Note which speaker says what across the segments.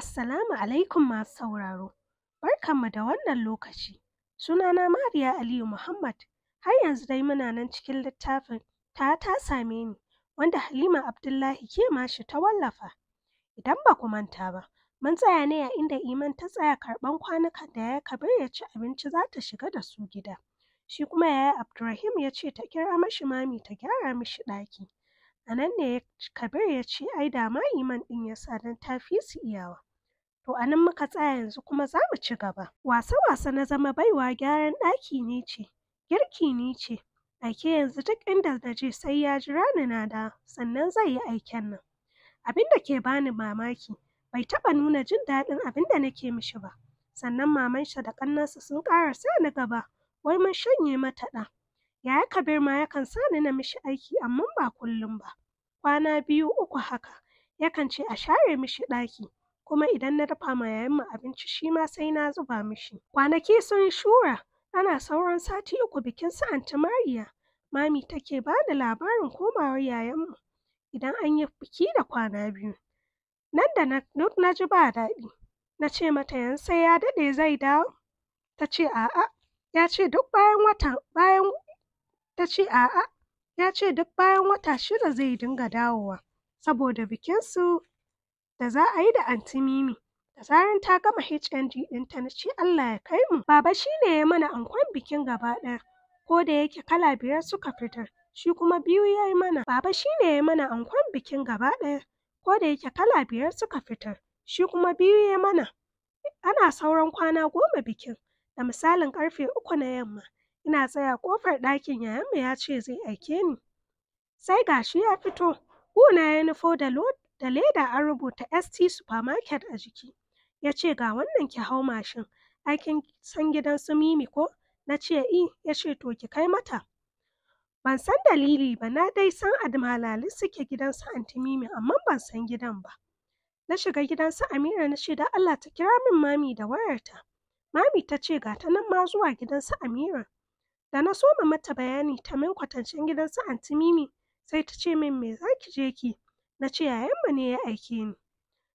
Speaker 1: Assalamu alaikum masu sauraro, barkanmu da wannan lokaci. Sunana Mariya Aliyu Muhammad, har yanzu dai muna nan cikin littafin ta ta same ni, wanda Halima Abdullahi ke mashi ta wallafa. Idan ba ku manta ba, mun tsaya ne a inda Iman ta tsaya karɓan kwanukan da ya kabir ya ci abinci za ta shiga da su gida. Shi kuma yaya Abdurrahim ya ce ta kira mashi mami ta gyara mishi ɗaki. A nan ne Kabir ya ce ai da ma Iman ɗin ya sa don ta fi su iyawa. To a nan muka tsaya yanzu kuma za mu ci gaba. Wasa-wasa na zama baiwa gyaran ɗaki ne ce, girki ne ce, aike yanzu duk inda na je sai ya jira ni na da sannan zai yi aiken nan. Abin da ke bani mamaki, bai taɓa nuna jin daɗin abin da nake mishi ba. Sannan mamansa da ƙannansa sun ƙara sa ni gaba, wai mun shanye mata ɗa. Yaya Kabir ma yakan sa ni na mishi aiki amma ba kullum ba. Kwana biyu uku haka, yakan ce a share mishi ɗaki. kuma idan na dafa ma mu abinci shi ma sai na zuba mishi. Kwanaki sun shura, ana sauran sati uku bikin su Anti Mariya. Mami take ba da labarin komawar yayanmu idan an yi biki da kwana biyu. Nan da na, na ji ba daɗi, na ce mata yan sai ya daɗe zai dawo. Ta ce a'a, ya ce duk bayan wata bayan ta ce a'a, ya ce duk bayan wata shida zai dinga dawowa. Saboda bikinsu da za a yi da anti Mimi. Da zaran ta gama HND ɗinta ta ce Allah ya kai mu. Baba shi ne ya mana ankon bikin gaba ɗaya. Ko da yake kala biyar suka fitar, shi kuma biyu ya yi mana. Baba shi ne ya mana ankon bikin gaba ɗaya. Ko da yake kala biyar suka fitar, shi kuma biyu ya mana. Ana sauran kwana goma bikin. Da misalin karfe uku na yamma, ina tsaya kofar ɗakin yayanmu ya ce zai aike ni. Sai gashi ya fito, na ya nufo da da leda an rubuta ST Supermarket a jiki. Ya ce ga wannan ki hau mashin, aikin san gidan su Mimi ko? Na ce i, e. ya ce to ki kai mata. Ban san dalili ba na dai san admalali suke gidan su anti Mimi amma ban san gidan ba. Na shiga gidan su Amira na ce da Allah ta kira min mami da wayarta. Mami ta ce ga ta nan ma zuwa gidan su Amira. Da na soma mata bayani ta min kwatancin gidan su anti Mimi sai ta ce min me za ki je ki. na ce yayanmu ne ya aike ni.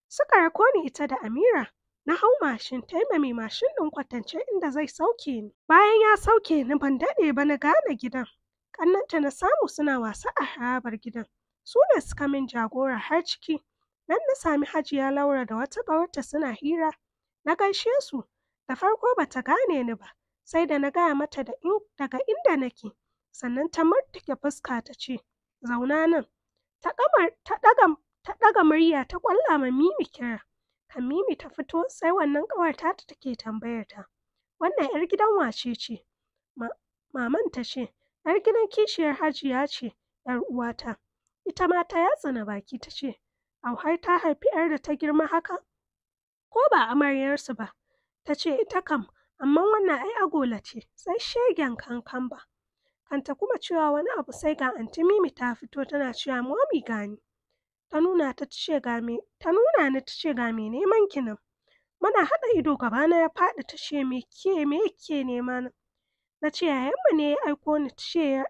Speaker 1: Suka rako ni ita da Amira, na hau mashin taima mai mashin ɗin kwatance inda zai sauke ni. Bayan ya sauke ni ban daɗe ba na gane gidan. Ƙannanta na samu suna wasa a harabar gidan. Su ne suka min jagora har ciki. Nan na sami Hajiya Laura da wata ƙawarta suna hira. Na gaishe su, da farko bata gane ni ba, sai da na gaya mata daga inda nake. Sannan ta murtuke fuska ta ce, zauna nan, ta ɗaga murya ta ƙwalla ma Mimi kira. Kan Mimi ta fito sai wannan ƙawarta ta take tambayar ta. Wannan 'yar gidan wace ce? Maman ta ce, 'yar gidan kishiyar Hajiya ce, 'yar uwata. Ita ma ta yatsa na baki ta ce, au har ta haifi 'yar da ta girma haka? Ko ba amaryarsu ba? Ta ce ita kam, amma wannan ai agola ce, sai shegen kankamba. kanta kuma cewa wani abu sai ga anti Mimi ta fito tana cewa momi gani. Ta nuna ta ce ga ta nuna ni ta ce ga me neman kinan. Muna haɗa ido gaba na ya faɗi ta ce me ke me ke nema na. Na ce yayanmu ne ya aiko ni ta ce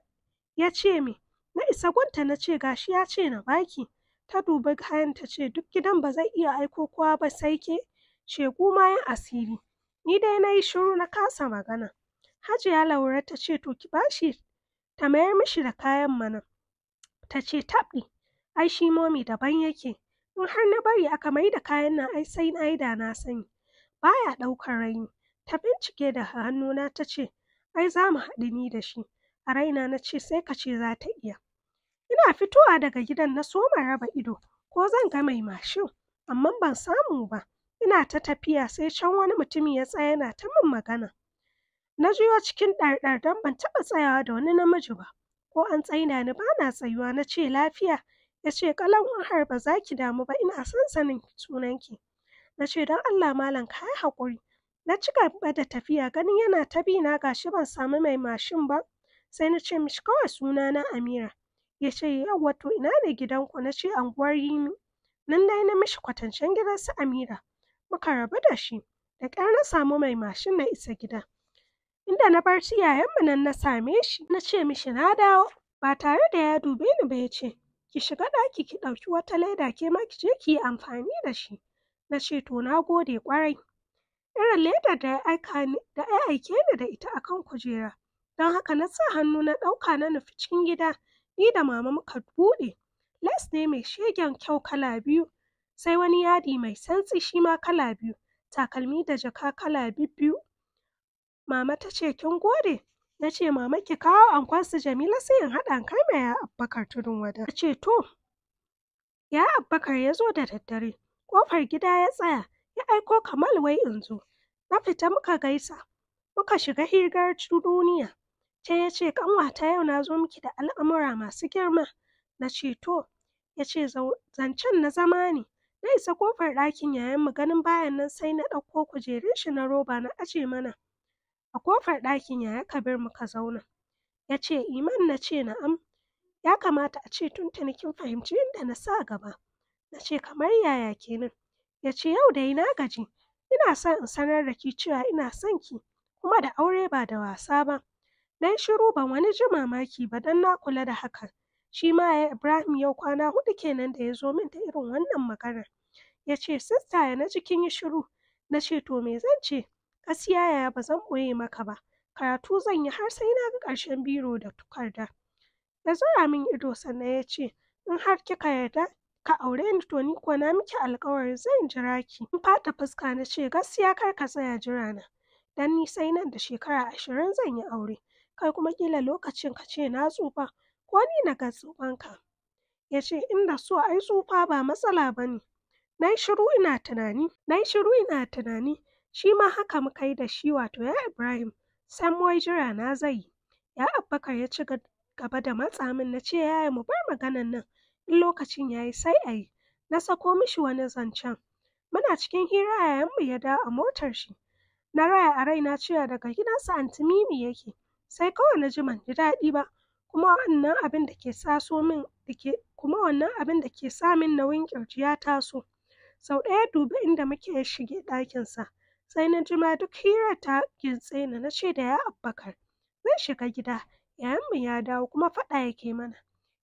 Speaker 1: ya ce me na isa gwanta na ce gashi ya ce na baki. Ta duba kayan ta ce duk gidan ba zai iya aiko kowa ba sai ke shegu ma asiri. Ni dai na yi shiru na kasa magana. Hajiya Laura ta ce to ki bashi ta mayar mishi da kayan mana. Ta ce taɓi ai shi momi daban yake, in har na bari aka mai da kayan nan ai sai yi da na sani. Baya ɗaukar raini, ta bincike da hannuna ta ce, ai za mu haɗu ni da shi. A raina na ce sai ka ce za ta iya. Ina fitowa daga gidan na soma raba ido, ko zan ga mai mashin, amma ban samu ba. Ina ta tafiya sai can wani mutumi ya tsaya yana ta min magana. Na juyo cikin ɗarɗar don ban taɓa tsayawa da wani namiji ba. Ko an tsaida ni ba na tsayuwa na ce lafiya. Ya ce ƙalan har ba za ki damu ba ina son sanin sunanki. Na ce don Allah malam ka yi haƙuri. Na ci gaba da tafiya ganin yana ta bi na gashi ban samu mai mashin ba. Sai na ce mishi kawai sunana Amira. Ya ce yawwa to ina ne gidanku na ce anguwar Yimi. Nan dai na mishi kwatancen gidan su Amira. Muka rabu da shi. Da ƙyar na samu mai mashin na isa gida. inda na bar shi yayanmu nan na same shi na ce mishi na dawo ba tare da ya dube ni ba ya ce ki shiga ɗaki ki ɗauki wata leda ke ma ki je ki yi amfani da shi na ce to na gode kwarai. irin ledar da ya aike ni da ita akan kujera don haka na sa hannu na ɗauka na nufi cikin gida ni da mama muka buɗe les ne mai shegen kyau kala biyu sai wani yadi mai santsi shi ma kala biyu takalmi da jaka kala biyu Mama ta ce kin gode? Na ce mama ki kawo ankon su Jamila sai in haɗa kai ma ya Abbakar tudun wada. Ta ce to. Ya Abbakar ya zo da daddare. Ƙofar gida ya tsaya ya aiko Kamal wai in zo. Na fita muka gaisa. Muka shiga hirgar duniya. Ta ya ce ƙanwata yau na zo miki da al'amura masu girma. Na ce to. Ya ce zancen na zama ne. Na isa ƙofar ɗakin mu ganin bayan nan sai na ɗauko kujerun shi na roba na aje mana. A kofar ɗakin ya bar mu ka zauna. Ya ce, Iman na ce na'am, ya kamata a ce tun kin fahimci inda na sa gaba. Na ce, kamar yaya kenan. Ya ce, yau dai na gaji, ina son in sanar da ki cewa ina son ki, kuma da aure ba da wasa ba. Na yi shiru ban wani ji mamaki ba don na kula da hakan. Shi ma ya Ibrahim yau kwana huɗu kenan da ya zo min da irin wannan maganar. Ya ce, sista ya na cikin yi shiru. Na ce, to me zan ce? Gaskiya yaya ba zan ɓoye maka ba, karatu zan yi har sai na ga ƙarshen biro da tukarda. Ya zura min ido sannan ya ce, in har kika yarda ka aure ni to ni kuwa na miki alƙawari, zan jira ki. In fata fuska na ce gaskiya kar ka tsaya jira na, dan ni sai nan da shekara ashirin zan yi aure. Kai kuma kila lokacin ka ce na tsufa ko ni na ga tsufanka. Ya ce inda so ai tsufa ba matsala ba ne. shiru ina tunani, na yi shiru ina tunani, shi ma haka muka yi da shi wato ya Ibrahim sam jira na zai yi. ya Abubakar ya ci gaba da matsa min na ce yaya mu bar maganan nan in lokacin yayi sai ayi na sako mishi wani zancen muna cikin hira yayan mu ya dawo a motar shi na raya a raina cewa daga gidansa anti Mimi yake sai kawai na ji ban ji daɗi ba kuma wannan abin da ke so min kuma wannan abin da ke sa min nauyin kirji ya taso sau ɗaya dubi inda muke shige ɗakinsa sai na jima duk hira ta kintse ni na ce da ya abbakar zai shiga gida yayanmu ya dawo kuma faɗa yake mana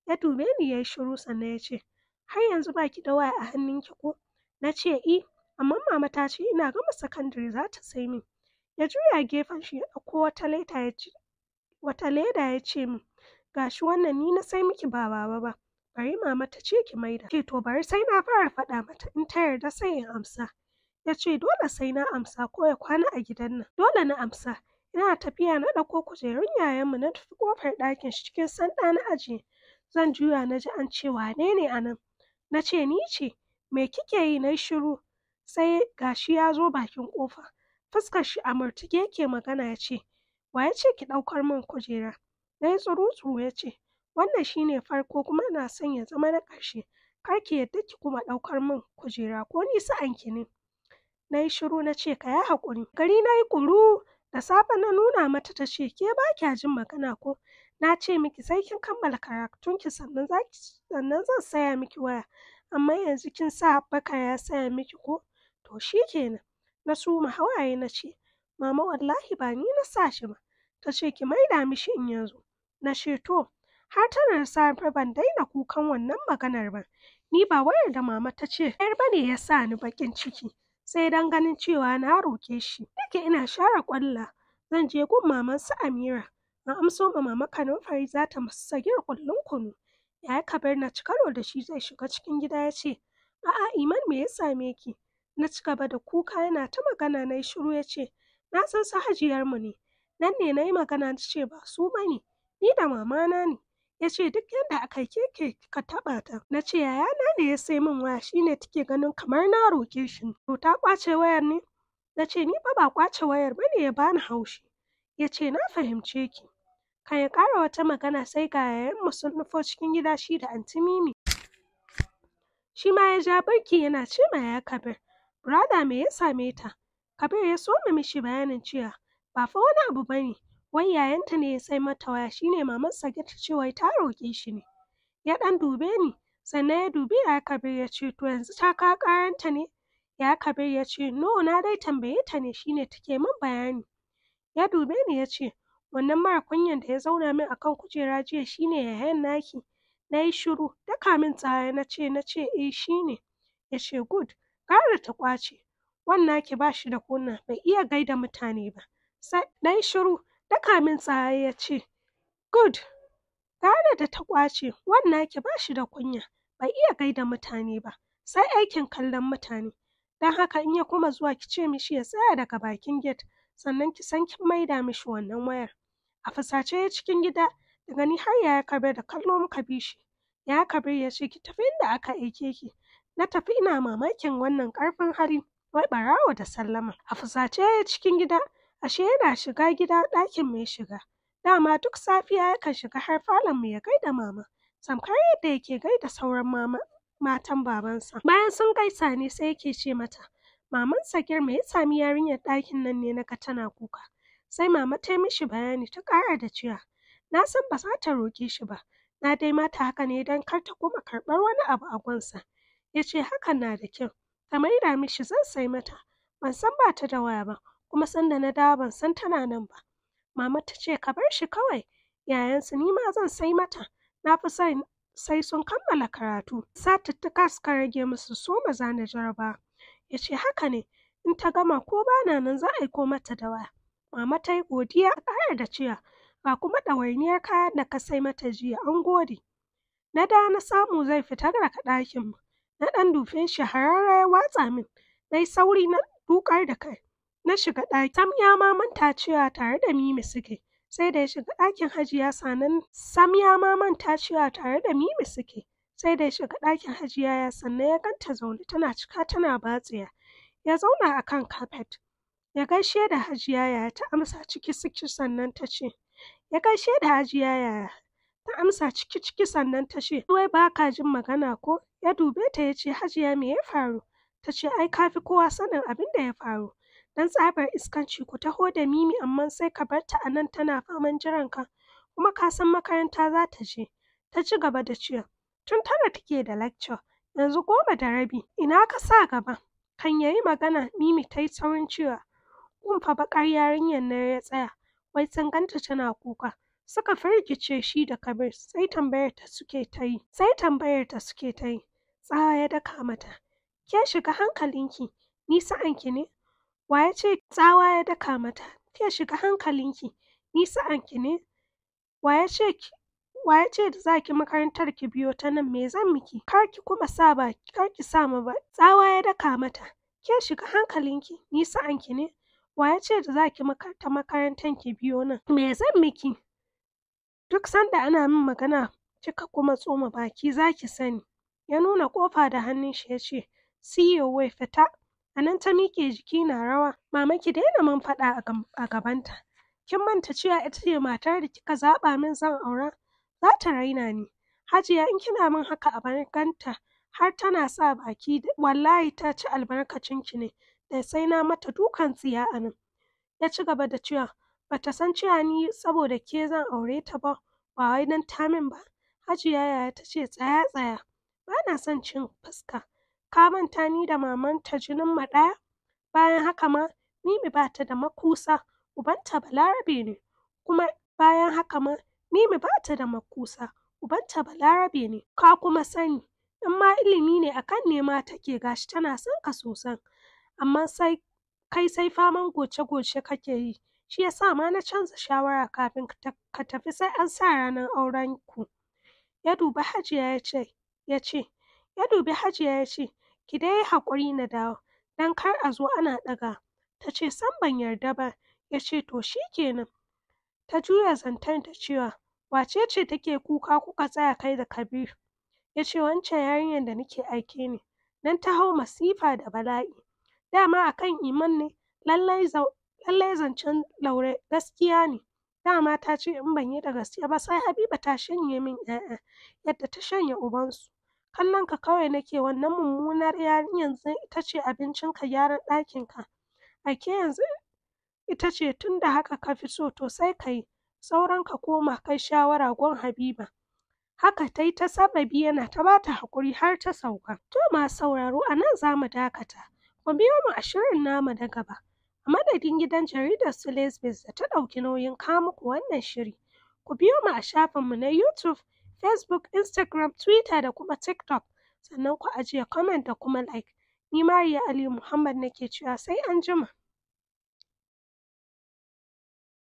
Speaker 1: ya dube ni ya yi shiru sannan ya ce har yanzu baki da waya a hannunki ko na ce i eh, amma mama ta ce ina gama sakandare za ta sai min ya juya gefen shi ya ɗauko wata leda ya ce wata leda ya ce min gashi wannan ni na sai miki ba baba ba bari mama ta ce ki maida ce to bari sai na fara faɗa mata in ta yarda sai in amsa ya ce dole sai na amsa ko ya kwana a gidan nan. Dole na amsa. Ina tafiya na ɗauko kujerun yayanmu na tafi kofar ɗakin shi cikin sanda na ajiye. Zan juya na ji an ce wane ne a nan? Na ce ni ce. Me kike yi na shiru? Sai gashi ya zo bakin kofa. Fuskar shi a murtuke yake magana ya ce, wa ya ce ki ɗaukar min kujera? Na yi tsuru-tsuru ya ce, wannan shine farko kuma ina son ya zama na ƙarshe. Kar ki yadda ki kuma ɗaukar min kujera ko nisa anki ne. Na yi shiru na ce ka yi haƙuri. Gari na yi ƙuru da safe na nuna mata ta ce ke ba kya jin magana ko. Na ce miki sai kin kammala ki sannan sannan zan saya miki waya. Amma yanzu kin sa baka ya saya miki ko? To shi kenan. Na suma hawaye na ce mama wallahi ba ni na sa shi ba. Ta ce ki maida mishi in yanzu. Na ce to har tana safe ban daina kukan wannan maganar ba. Ni ba wayar da mama ta ce, ‘yar ne ya sa ni baƙin ciki, sai dan ganin cewa na roke shi. Dake ina share kwalla, zan je gun maman su Amira. Na amso ma mama Kanumfari za ta sagir kullun kunu. ka bar na ci karo da shi zai shiga cikin gida ya ce, A'a Iman me ya same ki? Na ci gaba da kuka yana ta magana na yi shiru ya ce, Na san su ne. Nan ne na yi magana ta ce ba su ba ne, ni da mamana ne. ya ce duk yadda aka keke ka taɓa ta na ce yaya na ne ya sai min waya shine take ganin kamar na roke shi to ta kwace wayar ne na ce ni ba ba kwace wayar bane ya bani haushi ya ce na fahimce ki kan ya ƙara wata magana sai ga yayan sun nufo cikin gida shi da anti mimi shi ma ya ja barki yana ce ma yaya kabir brada me ya same ta kabir ya so mishi bayanin cewa ba fa wani abu bane wai yayanta ne ya sai mata waya shine maman Sagir ta ce wai ta roƙe shi ne. Ya ɗan dube ni, sannan ya dubi ya Kabir ya ce to yanzu ta kawo ƙaranta ne? Ya Kabir ya ce no na dai tambaye ta ne shine take min bayani. Ya dube ni ya ce wannan mara kunyan da ya zauna min akan kujera jiya shi shine yayan naki. Na yi shiru, daka min tsaya na ce na ce eh ne. Ya ce good, ƙara ta kwace. Wannan ki ba shi da kunna bai iya gaida mutane ba. Sai na yi shiru daka min tsaye ya ce, Good, tare da ta ƙwace wannan ki ba shi da kunya, bai iya gaida mutane ba, sai aikin kallon mutane. Don haka in ya kuma zuwa ki ce mishi ya tsaya daga bakin gate, sannan ki san kin maida mishi wannan wayar. A fusace ya cikin gida, Da gani har yaya kabe da kallo muka bi shi. Ya kabir ya ce ki tafi inda aka aike ki. Na tafi ina mamakin wannan ƙarfin hali, wai ɓarawo da sallama. A fusace ya cikin gida, Ashe yana shiga gida ɗakin mai shiga, dama duk safiya yakan shiga har falon mu ya gaida mama, tamkar yadda yake gaida sauran matan babansa. Bayan sun gaisa ne sai yake ce mata, Maman Sagir me ya sami yarinyar ɗakin nan ne naga tana kuka? Sai mama ta yi mishi bayani ta ƙara da cewa, na san ba za ta roƙe shi ba, na dai mata haka ne don kar ta kuma karɓar wani abu a gwansa. Ya ce hakan na da kyau, ta maida mishi zan sai mata, ban san bata ta da waya ba, kuma sanda na dawo ban san tana nan ba mama ta ce ka bar shi kawai yayansu ni ma zan sai mata na fi son sai sun kammala karatu satuttuka suka rage musu su maza na jaraba ya ce haka ne in ta gama ko ba na nan za a yi ko mata da waya mama ta yi godiya ƙara da cewa ga kuma ɗawainiyar kayan da ka sai mata jiya an gode na da na samu zai fita daga ɗakin mu na ɗan dufin shi hararra ya watsa min na yi sauri na dukar da kai Na shiga ɗaki. Sam ya ma manta cewa tare da Mimi suke. Sai da ya shiga ɗakin Hajiya sannan Sam ya ma manta cewa tare da Mimi suke. Sai da ya shiga ɗakin Hajiya ya sannan ya ganta zaune tana cika tana batsiya. Ya zauna a kan kafet. Ya gaishe da Hajiya yaya ta amsa ciki ciki sannan ta ce. Ya gaishe da Hajiya yaya ta amsa ciki ciki sannan ta ce. Wai ba ka jin magana ko? Ya dube ta ya ce Hajiya me ya faru? Ta ce ai ka fi kowa sanin abin da ya faru. Dan tsabar iskanci ku taho da Mimi amma sai ka bar ta a nan tana faman jiran ka kuma ka san makaranta za ta je. Ta ci gaba da cewa, tun tana take da lecture, yanzu goma da rabi, ina ka sa gaba? Kan yayi magana Mimi ta yi saurin cewa, kumfa baƙar yarinyar na ya tsaya, wai sun ganta tana kuka. Suka firgice shi da Kabir sai tambayar ta suke ta yi, sai tambayar ta suke ta yi. Tsawa ya daka mata, ke shiga hankalinki, ni sa'anki ne, Wa ya ce tsawa ya daka mata? Ke shiga hankalinki, ni sa'anki ne, wa ya ce da za ki makarantar ki biyo ta nan me zan miki? Kar ki kuma sa ba kar ki sa ma ba! Tsawa ya daka mata, ke shiga hankalinki, ni sa'anki ne, wa ya ce da za ki makarta makarantar ki biyo nan? Me zan miki? Duk sanda ana min magana kika kuma tsoma baki za ki sani. Ya nuna ƙofa da hannun shi ya ce, see you way, fita. A nan ta miƙe jiki na rawa. Mama ki daina man faɗa a gabanta. Kin manta cewa ita ce matar da kika zaɓa min zan aura? Zata raina ni. Hajiya in kina min haka a barkanta, har tana sa baki wallahi ta ci albarkacin ki ne da sai na mata dukan tsiya a nan. Ya ci gaba da cewa bata san cewa ni saboda ke zan aure ta ba ba wai dan ta min ba. Hajiya yaya ta ce tsaya tsaya Bana son cin fuska. Ka manta ni da mamanta jininmu ɗaya? Bayan haka ma, Mimi ba ta da makusa, ubanta Balarabe ne, kuma bayan haka ma, Mimi ba ta da makusa, ubanta Balarabe ne, ka kuma sani, in ma ilimi ne akan nema take Gashi tana son ka sosan, amma sai kai sai faman goce-goce kake yi, shi ya sa ma na canza shawara kafin ka tafi sai an sa ranar aurenku. Ya dubi Hajiya ya ce, ya ce, ya dubi Hajiya ya ce, ki dai yi haƙuri na dawo, don kar a zo ana ɗaga. Ta ce sam ban yarda ba, ya ce to shi kenan. Ta juya zancen da cewa wace ce take kuka kuka tsaya kai da Kabiru? Ya ce wancan yarinyar da nake aike ne, don ta hau masifa da bala'i. Dama a kan iman ne, lallai zancen laure gaskiya ne. Dama ta ce in ban yi da gaske ba sai Habiba ta shanye min ‘ya'ya, yadda ta shanye ubansu. Kallon ka kawai nake, wannan mummunar yarinyar zan abincin ka gyaran ka ake yanzu itace tunda haka ka fi so to sai ka yi, sauran ka koma kai shawara gun Habiba. Haka ta yi ta saɓabi yana ta ba ta haƙuri har ta sauka. To masu sauraro a nan za mu dakata, ku biyo mu a shirin namu na gaba. A madadin gidan jaridar su Lesbos da ta ɗauki nauyin kawo muku wannan shiri, ku biyo mu a shafinmu na YouTube Facebook, Instagram, Twitter da kuma TikTok. Sannan ku ajiye comment da kuma like. Ni Mariya Aliyu Muhammad nake cewa sai anjima.